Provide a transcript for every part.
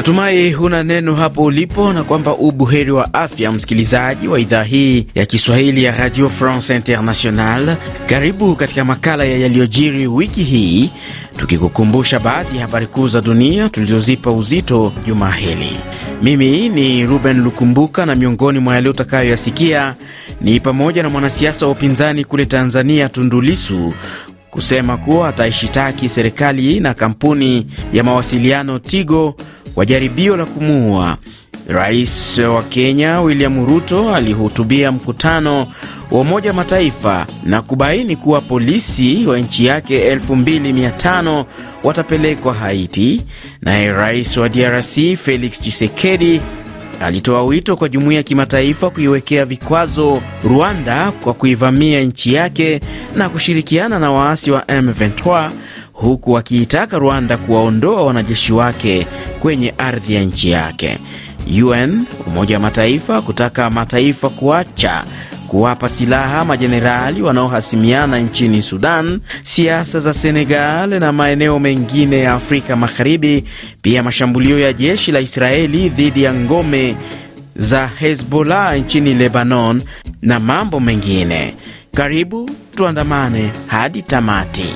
Natumai huna neno hapo ulipo na kwamba ubuheri wa afya, msikilizaji wa idhaa hii ya Kiswahili ya Radio France International. Karibu katika makala ya yaliyojiri wiki hii, tukikukumbusha baadhi ya habari kuu za dunia tulizozipa uzito juma hili. Mimi ni Ruben Lukumbuka, na miongoni mwa yale utakayoyasikia ni pamoja na mwanasiasa wa upinzani kule Tanzania tundulisu kusema kuwa ataishitaki serikali na kampuni ya mawasiliano Tigo wa jaribio la kumuua. Rais wa Kenya William Ruto alihutubia mkutano wa Umoja Mataifa na kubaini kuwa polisi wa nchi yake 2500 watapelekwa Haiti. Naye rais wa DRC Felix Tshisekedi alitoa wito kwa jumuiya ya kimataifa kuiwekea vikwazo Rwanda kwa kuivamia nchi yake na kushirikiana na waasi wa M23 huku akiitaka Rwanda kuwaondoa wanajeshi wake kwenye ardhi ya nchi yake. UN, Umoja wa Mataifa kutaka mataifa kuacha kuwapa silaha majenerali wanaohasimiana nchini Sudan, siasa za Senegal na maeneo mengine ya Afrika Magharibi, pia mashambulio ya jeshi la Israeli dhidi ya ngome za Hezbollah nchini Lebanon na mambo mengine. Karibu tuandamane hadi tamati.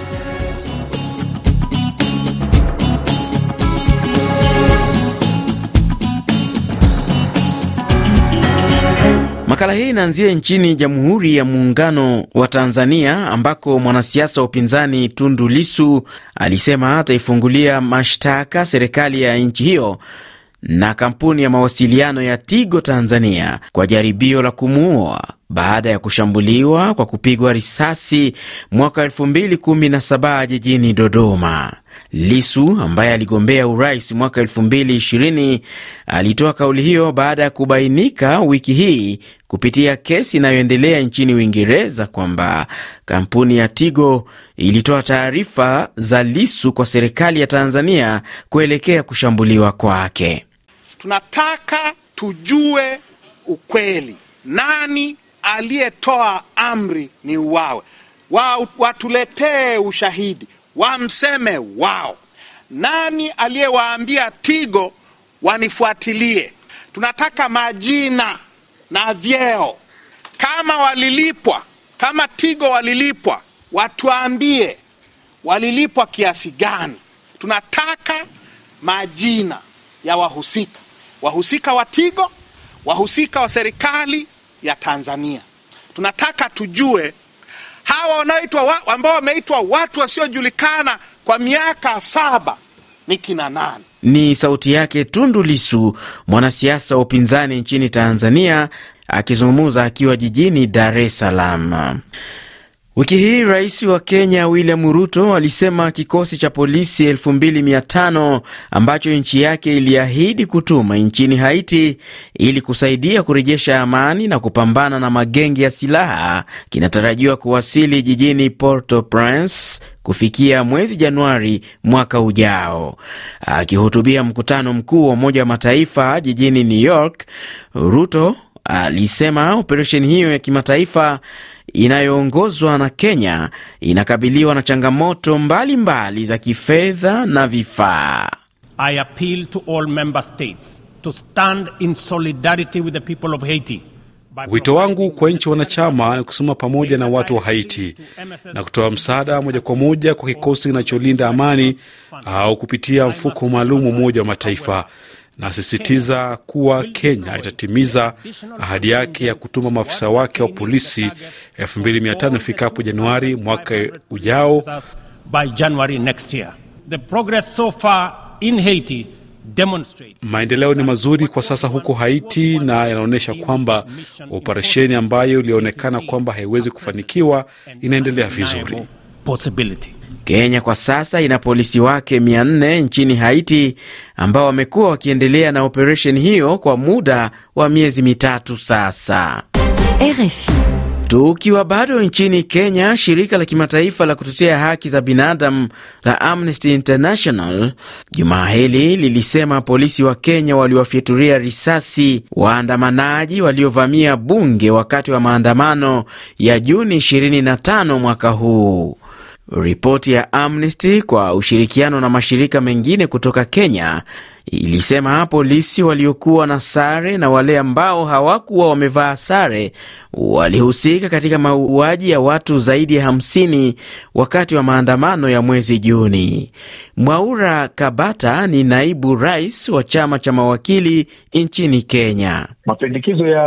Makala hii inaanzia nchini Jamhuri ya Muungano wa Tanzania ambako mwanasiasa wa upinzani Tundu Lisu alisema ataifungulia mashtaka serikali ya nchi hiyo na kampuni ya mawasiliano ya Tigo Tanzania kwa jaribio la kumuua baada ya kushambuliwa kwa kupigwa risasi mwaka 2017 jijini Dodoma. Lisu ambaye aligombea urais mwaka 2020 alitoa kauli hiyo baada ya kubainika wiki hii kupitia kesi inayoendelea nchini Uingereza kwamba kampuni ya Tigo ilitoa taarifa za Lisu kwa serikali ya Tanzania kuelekea kushambuliwa kwake. Tunataka tujue ukweli, nani aliyetoa amri ni uwawe? Watuletee ushahidi wamseme wao. Nani aliyewaambia Tigo wanifuatilie? Tunataka majina na vyeo. Kama walilipwa, kama Tigo walilipwa, watuambie walilipwa kiasi gani. Tunataka majina ya wahusika, wahusika wa Tigo, wahusika wa serikali ya Tanzania. Tunataka tujue hawa wanaoitwa ambao wameitwa watu wasiojulikana kwa miaka saba ni kina nani? Ni sauti yake Tundu Lisu, mwanasiasa wa upinzani nchini Tanzania, akizungumza akiwa jijini Dar es Salaam. Wiki hii rais wa Kenya William Ruto alisema kikosi cha polisi 2500 ambacho nchi yake iliahidi kutuma nchini Haiti ili kusaidia kurejesha amani na kupambana na magenge ya silaha kinatarajiwa kuwasili jijini Port-au-Prince kufikia mwezi Januari mwaka ujao. Akihutubia mkutano mkuu wa Umoja wa Mataifa jijini New York, Ruto alisema operesheni hiyo ya kimataifa inayoongozwa na Kenya inakabiliwa na changamoto mbalimbali mbali za kifedha na vifaa. I appeal to all member states to stand in solidarity with the people of Haiti. Wito wangu kwa nchi wanachama ni kusimama pamoja na watu wa Haiti na kutoa msaada moja kwa moja kwa kikosi kinacholinda amani au kupitia mfuko maalum Umoja wa Mataifa Nasisitiza kuwa Kenya itatimiza ahadi yake ya kutuma maafisa wake wa polisi 2500 ifikapo Januari mwaka ujao. Maendeleo ni mazuri kwa sasa huko Haiti na yanaonyesha kwamba operesheni ambayo ilionekana kwamba haiwezi kufanikiwa inaendelea vizuri. Kenya kwa sasa ina polisi wake 400 nchini Haiti ambao wamekuwa wakiendelea na operesheni hiyo kwa muda wa miezi mitatu sasa. RFI. Tukiwa bado nchini Kenya, shirika la kimataifa la kutetea haki za binadamu la Amnesty International jumaa hili lilisema polisi wa Kenya waliwafyatulia risasi waandamanaji waliovamia bunge wakati wa maandamano ya Juni 25 mwaka huu. Ripoti ya Amnesty kwa ushirikiano na mashirika mengine kutoka Kenya ilisema polisi waliokuwa na sare na wale ambao hawakuwa wamevaa sare walihusika katika mauaji ya watu zaidi ya hamsini wakati wa maandamano ya mwezi Juni. Mwaura Kabata ni naibu rais wa chama cha mawakili nchini Kenya. Mapendekezo ya,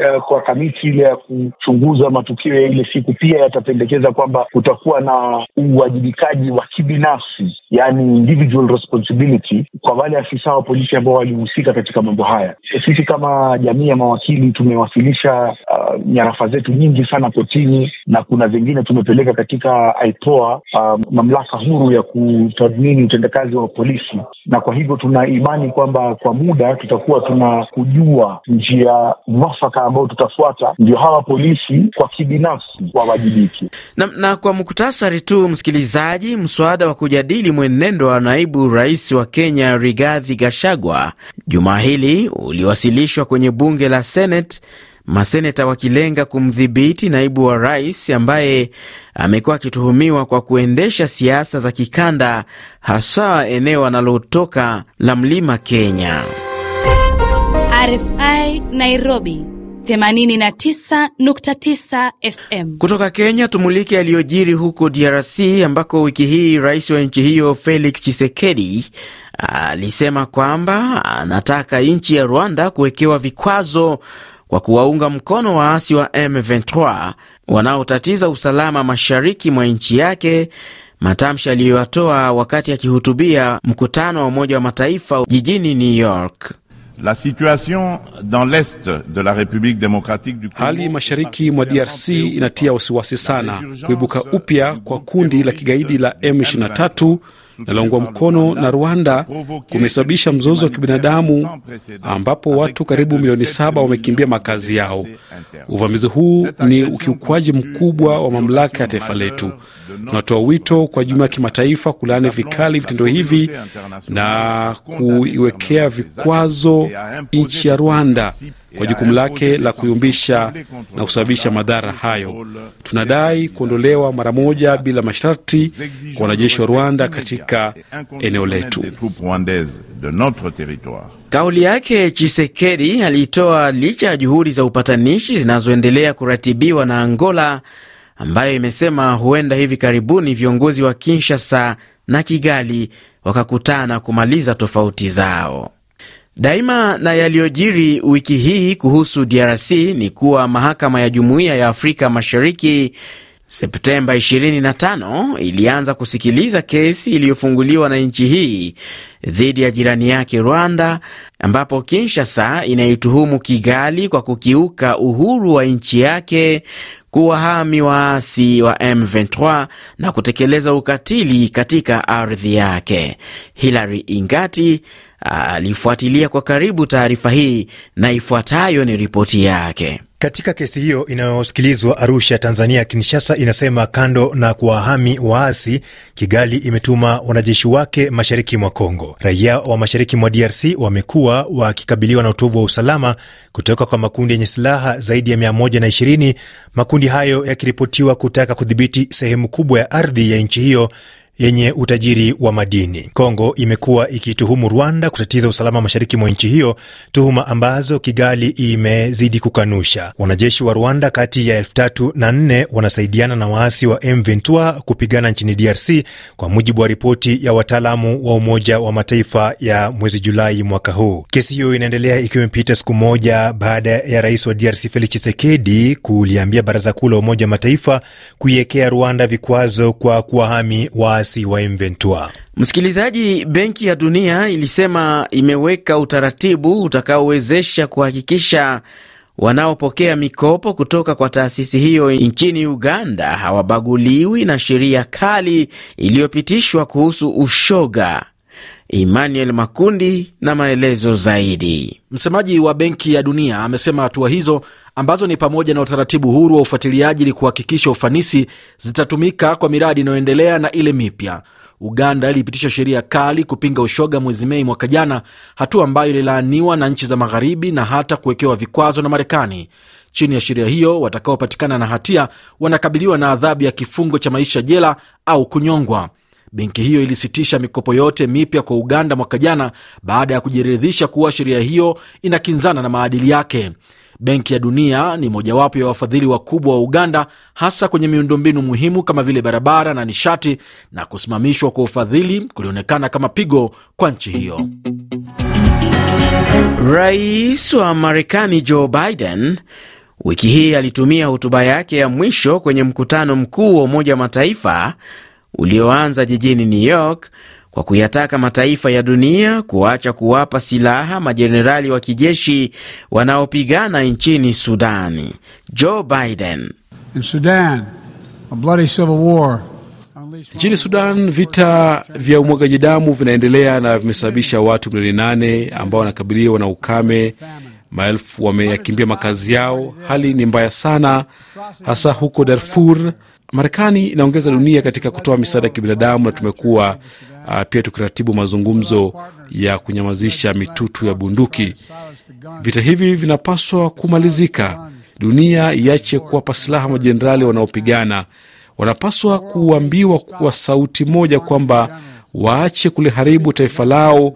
ya kwa kamiti ile ya kuchunguza matukio ya ile siku pia yatapendekeza kwamba kutakuwa na uwajibikaji wa kibinafsi, yani individual responsibility kwa wale wale afisa sawa polisi ambao walihusika katika mambo haya. Sisi kama jamii ya mawakili tumewasilisha uh, nyarafa zetu nyingi sana kotini na kuna zingine tumepeleka katika IPOA, uh, um, mamlaka huru ya kutathmini utendakazi wa polisi, na kwa hivyo tuna imani kwamba kwa muda tutakuwa tuna kujua njia mwafaka ambayo tutafuata ndio hawa polisi kwa kibinafsi wawajibiki. Na, na kwa muktasari tu msikilizaji, mswada wa kujadili mwenendo wa naibu rais wa Kenya Rigathi Gachagua juma hili uliwasilishwa kwenye bunge la Senate maseneta wakilenga kumdhibiti naibu wa rais ambaye amekuwa akituhumiwa kwa kuendesha siasa za kikanda, hasa eneo analotoka la mlima Kenya. RFI Nairobi 89.9 FM. Kutoka Kenya tumulike yaliyojiri huko DRC ambako wiki hii rais wa nchi hiyo Felix Tshisekedi alisema kwamba anataka nchi ya Rwanda kuwekewa vikwazo kwa kuwaunga mkono waasi wa M23 wanaotatiza usalama mashariki mwa nchi yake, matamshi aliyoyatoa wakati akihutubia mkutano wa Umoja wa Mataifa jijini New York. La situation dans l'est de la République démocratique du Congo. Hali mashariki mwa DRC inatia wasiwasi sana. Kuibuka upya kwa kundi la kigaidi la M23 linaloungwa mkono na Rwanda kumesababisha mzozo wa kibinadamu ambapo watu karibu milioni saba wamekimbia makazi yao. Uvamizi huu ni ukiukwaji mkubwa wa mamlaka ya taifa letu. Tunatoa wito kwa jumuiya ya kimataifa kulaani vikali vitendo hivi na kuiwekea vikwazo nchi ya Rwanda kwa jukumu lake la kuyumbisha na kusababisha madhara hayo. Tunadai kuondolewa mara moja bila masharti kwa wanajeshi wa Rwanda katika eneo letu. Kauli yake Chisekedi aliitoa licha ya juhudi za upatanishi zinazoendelea kuratibiwa na Angola ambayo imesema huenda hivi karibuni viongozi wa Kinshasa na Kigali wakakutana kumaliza tofauti zao. Daima na yaliyojiri wiki hii kuhusu DRC ni kuwa mahakama ya Jumuiya ya Afrika Mashariki Septemba 25 ilianza kusikiliza kesi iliyofunguliwa na nchi hii dhidi ya jirani yake Rwanda, ambapo Kinshasa inaituhumu Kigali kwa kukiuka uhuru wa nchi yake, kuwahami waasi wa M23 na kutekeleza ukatili katika ardhi yake. Hilary Ingati alifuatilia kwa karibu taarifa hii na ifuatayo ni ripoti yake. Katika kesi hiyo inayosikilizwa Arusha, Tanzania, Kinshasa inasema kando na kuwahami waasi, Kigali imetuma wanajeshi wake mashariki mwa Kongo. Raia wa mashariki mwa DRC wamekuwa wakikabiliwa na utovu wa usalama kutoka kwa makundi yenye silaha zaidi ya 120, makundi hayo yakiripotiwa kutaka kudhibiti sehemu kubwa ya ardhi ya nchi hiyo yenye utajiri wa madini. Kongo imekuwa ikituhumu Rwanda kutatiza usalama mashariki mwa nchi hiyo, tuhuma ambazo Kigali imezidi kukanusha. Wanajeshi wa Rwanda kati ya elfu tatu na nne wanasaidiana na waasi wa M23 kupigana nchini DRC kwa mujibu wa ripoti ya wataalamu wa Umoja wa Mataifa ya mwezi Julai mwaka huu. Kesi hiyo inaendelea ikiwa imepita siku moja baada ya rais wa DRC Felix Tshisekedi kuliambia baraza kuu la Umoja wa Mataifa kuiwekea Rwanda vikwazo kwa kuwahami wa uasi wa M23. Msikilizaji, Benki ya Dunia ilisema imeweka utaratibu utakaowezesha kuhakikisha wanaopokea mikopo kutoka kwa taasisi hiyo nchini Uganda hawabaguliwi na sheria kali iliyopitishwa kuhusu ushoga. Emmanuel Makundi na maelezo zaidi. Msemaji wa Benki ya Dunia amesema hatua hizo ambazo ni pamoja na utaratibu huru wa ufuatiliaji ili kuhakikisha ufanisi zitatumika kwa miradi inayoendelea na ile mipya. Uganda ilipitisha sheria kali kupinga ushoga mwezi Mei mwaka jana, hatua ambayo ililaaniwa na nchi za Magharibi na hata kuwekewa vikwazo na Marekani. Chini ya sheria hiyo, watakaopatikana na hatia wanakabiliwa na adhabu ya kifungo cha maisha jela au kunyongwa. Benki hiyo ilisitisha mikopo yote mipya kwa Uganda mwaka jana baada ya kujiridhisha kuwa sheria hiyo inakinzana na maadili yake. Benki ya Dunia ni mojawapo ya wafadhili wakubwa wa Uganda, hasa kwenye miundombinu muhimu kama vile barabara na nishati, na kusimamishwa kwa ufadhili kulionekana kama pigo kwa nchi hiyo. Rais wa Marekani Joe Biden wiki hii alitumia hotuba yake ya mwisho kwenye mkutano mkuu wa Umoja wa Mataifa ulioanza jijini New York kwa kuyataka mataifa ya dunia kuacha kuwapa silaha majenerali wa kijeshi wanaopigana nchini Sudani. Joe Biden: In Sudan, a bloody civil war. Nchini Sudan vita vya umwagaji damu vinaendelea na vimesababisha watu milioni nane ambao wanakabiliwa na ukame. Maelfu wameyakimbia makazi yao. Hali ni mbaya sana, hasa huko Darfur Marekani inaongeza dunia katika kutoa misaada ya kibinadamu na tumekuwa uh, pia tukiratibu mazungumzo ya kunyamazisha mitutu ya bunduki. Vita hivi vinapaswa kumalizika. Dunia iache kuwapa silaha majenerali wanaopigana. Wanapaswa kuambiwa kwa sauti moja kwamba waache kuliharibu taifa lao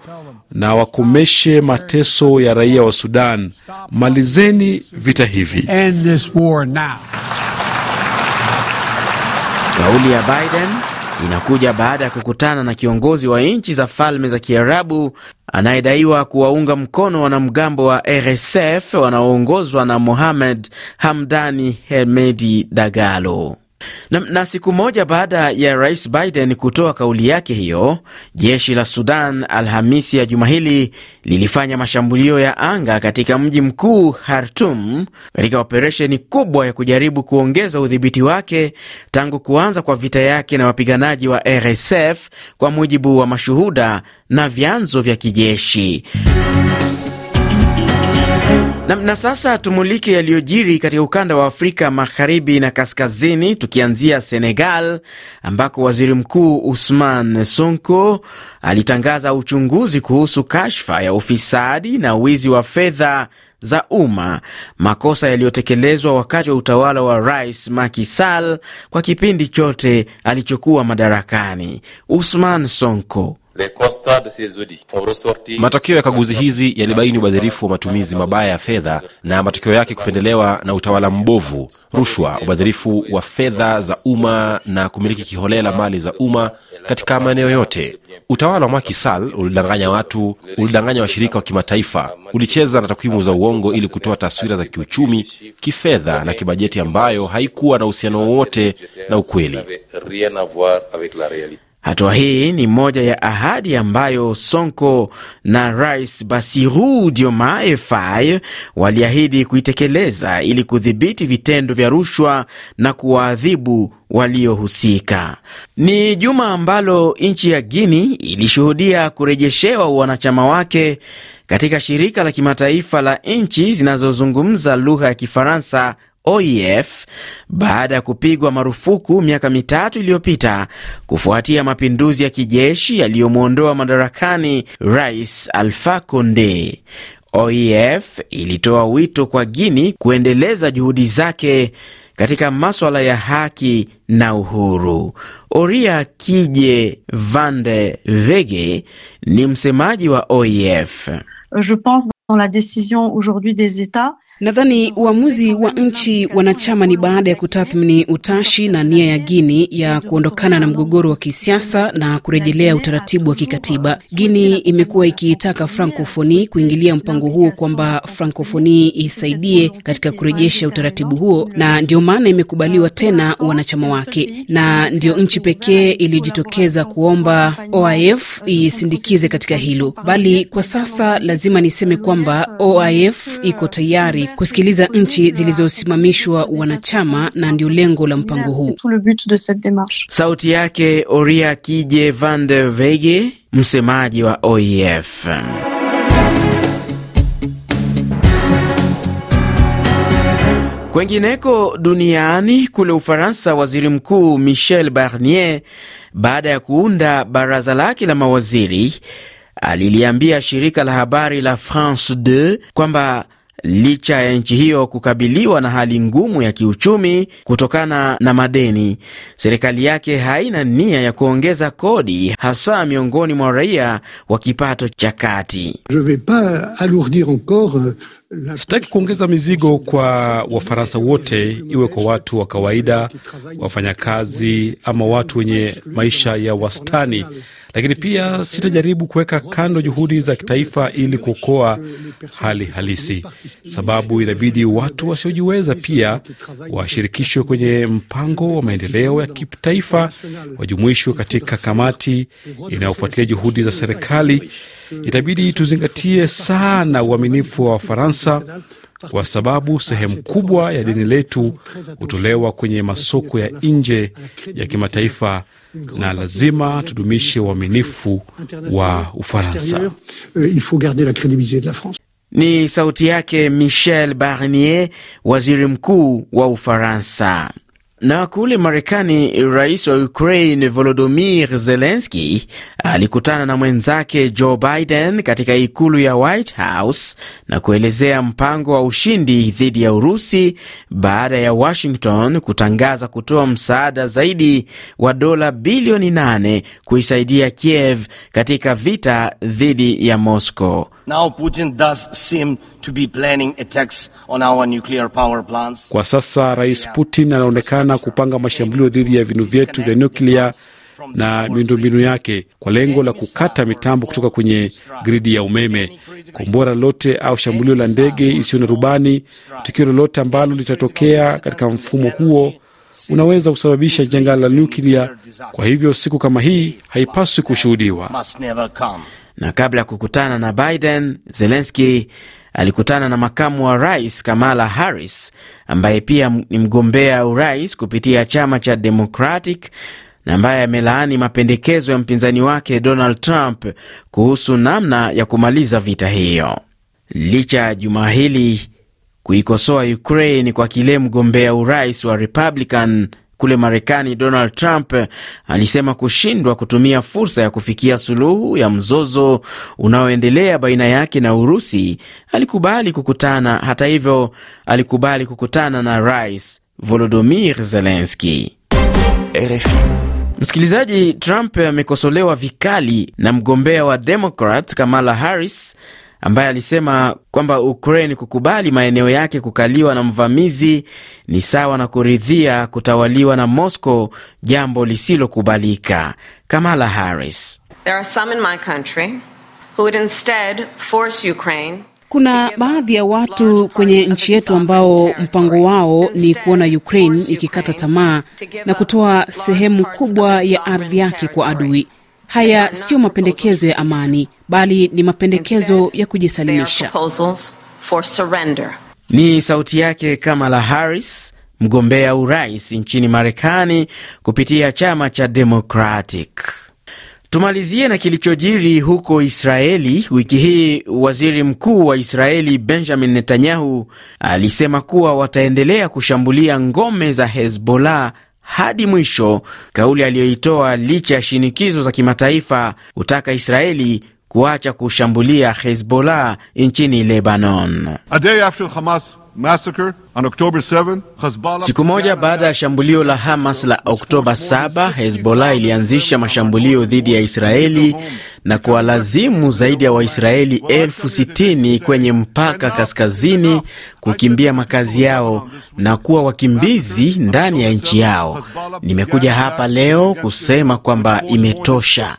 na wakomeshe mateso ya raia wa Sudan. Malizeni vita hivi. Kauli ya Biden inakuja baada ya kukutana na kiongozi wa nchi za Falme za Kiarabu anayedaiwa kuwaunga mkono wanamgambo wa RSF wanaoongozwa na Mohamed Hamdani Hemedi Dagalo. Na, na siku moja baada ya Rais Biden kutoa kauli yake hiyo, jeshi la Sudan Alhamisi ya juma hili lilifanya mashambulio ya anga katika mji mkuu Khartoum katika operesheni kubwa ya kujaribu kuongeza udhibiti wake tangu kuanza kwa vita yake na wapiganaji wa RSF kwa mujibu wa mashuhuda na vyanzo vya kijeshi. Na, na sasa tumulike yaliyojiri katika ukanda wa Afrika magharibi na kaskazini, tukianzia Senegal ambako waziri mkuu Usman Sonko alitangaza uchunguzi kuhusu kashfa ya ufisadi na wizi wa fedha za umma, makosa yaliyotekelezwa wakati wa utawala wa Rais Macky Sall kwa kipindi chote alichokuwa madarakani. Usman Sonko Matokeo ya kaguzi hizi yalibaini ubadhirifu wa matumizi mabaya ya fedha na matokeo yake kupendelewa na utawala mbovu, rushwa, ubadhirifu wa fedha za umma na kumiliki kiholela mali za umma katika maeneo yote. Utawala wa Macky Sall ulidanganya watu, ulidanganya washirika wa kimataifa, ulicheza na takwimu za uongo ili kutoa taswira za kiuchumi, kifedha na kibajeti ambayo haikuwa na uhusiano wowote na ukweli. Hatua hii ni moja ya ahadi ambayo Sonko na Rais basiru Diomaye Faye waliahidi kuitekeleza ili kudhibiti vitendo vya rushwa na kuwaadhibu waliohusika. Ni juma ambalo nchi ya guini ilishuhudia kurejeshewa wanachama wake katika shirika la kimataifa la nchi zinazozungumza lugha ya Kifaransa OEF baada ya kupigwa marufuku miaka mitatu iliyopita kufuatia mapinduzi ya kijeshi yaliyomwondoa madarakani Rais Alpha Conde. OEF ilitoa wito kwa Guini kuendeleza juhudi zake katika maswala ya haki na uhuru. Oria Kije Vande Vege ni msemaji wa OEF. Je pense dans la aujourd'hui des Nadhani uamuzi wa nchi wanachama ni baada ya kutathmini utashi na nia ya guini ya kuondokana na mgogoro wa kisiasa na kurejelea utaratibu wa kikatiba. Gini imekuwa ikiitaka Frankofoni kuingilia mpango huo kwamba Frankofoni isaidie katika kurejesha utaratibu huo, na ndio maana imekubaliwa tena wanachama wake, na ndio nchi pekee iliyojitokeza kuomba OIF isindikize katika hilo, bali kwa sasa lazima niseme kwamba OIF iko tayari kusikiliza nchi zilizosimamishwa wanachama, na ndio lengo la mpango huu. Sauti yake Oria Kije van der Wege, msemaji wa OEF. Kwengineko duniani, kule Ufaransa, waziri mkuu Michel Barnier, baada ya kuunda baraza lake la mawaziri, aliliambia shirika la habari la France 2 kwamba licha ya nchi hiyo kukabiliwa na hali ngumu ya kiuchumi kutokana na madeni. Serikali yake haina nia ya kuongeza kodi, hasa miongoni mwa raia wa kipato cha kati. Sitaki kuongeza mizigo kwa Wafaransa wote, iwe kwa watu wa kawaida, wafanyakazi, ama watu wenye maisha ya wastani, lakini pia sitajaribu kuweka kando juhudi za kitaifa ili kuokoa hali halisi, sababu inabidi watu wasiojiweza pia washirikishwe kwenye mpango wa maendeleo ya kitaifa, wajumuishwe katika kamati inayofuatilia juhudi za serikali Itabidi tuzingatie sana uaminifu wa Wafaransa kwa sababu sehemu kubwa ya deni letu hutolewa kwenye masoko ya nje ya kimataifa na lazima tudumishe uaminifu wa Ufaransa. Ni sauti yake Michel Barnier, waziri mkuu wa Ufaransa. Na kule Marekani, rais wa Ukraine Volodymyr Zelensky alikutana na mwenzake Joe Biden katika ikulu ya White House na kuelezea mpango wa ushindi dhidi ya Urusi baada ya Washington kutangaza kutoa msaada zaidi wa dola bilioni 8 kuisaidia Kiev katika vita dhidi ya Moscow. Now Putin does seem to be planning attacks on our nuclear power plants. Kwa sasa Rais Putin anaonekana kupanga mashambulio dhidi ya vinu vyetu vya nuklia na miundombinu yake kwa lengo la kukata mitambo kutoka kwenye gridi ya umeme. Kombora lolote au shambulio la ndege isiyo na rubani, tukio lolote ambalo litatokea katika mfumo huo unaweza kusababisha janga la nyuklia. Kwa hivyo siku kama hii haipaswi kushuhudiwa na kabla ya kukutana na Biden, zelenski alikutana na makamu wa rais Kamala Harris ambaye pia ni mgombea urais kupitia chama cha Democratic na ambaye amelaani mapendekezo ya mpinzani wake Donald Trump kuhusu namna ya kumaliza vita hiyo. Licha ya juma hili kuikosoa Ukraine kwa kile mgombea urais wa Republican kule Marekani, Donald Trump eh, alisema kushindwa kutumia fursa ya kufikia suluhu ya mzozo unaoendelea baina yake na Urusi, alikubali kukutana. Hata hivyo, alikubali kukutana na Rais Volodymyr Zelensky. RFI. Msikilizaji, Trump amekosolewa vikali na mgombea wa Democrat Kamala Harris ambaye alisema kwamba Ukraine kukubali maeneo yake kukaliwa na mvamizi ni sawa na kuridhia kutawaliwa na Moscow, jambo lisilokubalika. Kamala Harris: There are some in my country who would instead force Ukraine kuna baadhi ya watu kwenye nchi yetu ambao mpango wao ni kuona Ukraine ikikata tamaa na kutoa sehemu kubwa ya ardhi yake kwa adui. Haya sio mapendekezo ya amani, bali ni mapendekezo ya kujisalimisha. Ni sauti yake Kamala Harris, mgombea urais nchini Marekani kupitia chama cha Democratic. Tumalizie na kilichojiri huko Israeli wiki hii. Waziri mkuu wa Israeli Benjamin Netanyahu alisema kuwa wataendelea kushambulia ngome za Hezbollah hadi mwisho, kauli aliyoitoa licha ya shinikizo za kimataifa kutaka Israeli kuacha kushambulia Hezbollah nchini Lebanon. A day after Hamas Siku moja baada ya shambulio la Hamas la Oktoba 7, Hezbollah ilianzisha mashambulio dhidi ya Israeli na kuwalazimu zaidi ya Waisraeli elfu sitini kwenye mpaka kaskazini kukimbia makazi yao na kuwa wakimbizi ndani ya nchi yao. Nimekuja hapa leo kusema kwamba imetosha.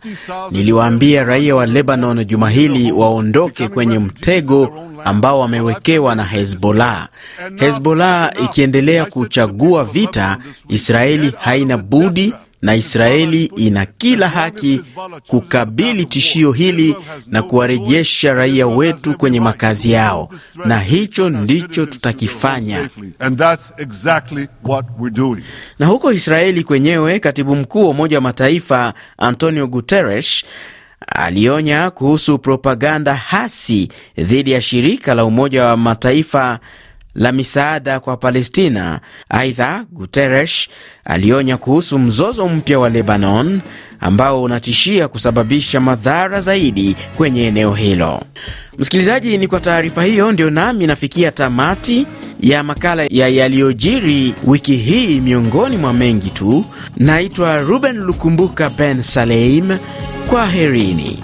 Niliwaambia raia wa Lebanon juma hili waondoke kwenye mtego ambao wamewekewa na Hezbollah. Hezbollah ikiendelea kuchagua vita, Israeli haina budi na Israeli ina kila haki kukabili tishio hili na kuwarejesha raia wetu kwenye makazi yao, na hicho ndicho tutakifanya. Na huko Israeli kwenyewe, katibu mkuu wa Umoja wa Mataifa Antonio Guterres Alionya kuhusu propaganda hasi dhidi ya shirika la Umoja wa Mataifa la misaada kwa Palestina. Aidha, Guterres alionya kuhusu mzozo mpya wa Lebanon ambao unatishia kusababisha madhara zaidi kwenye eneo hilo. Msikilizaji, ni kwa taarifa hiyo ndio nami nafikia tamati ya makala ya yaliyojiri wiki hii miongoni mwa mengi tu. Naitwa Ruben Lukumbuka Ben Saleim. Kwaherini.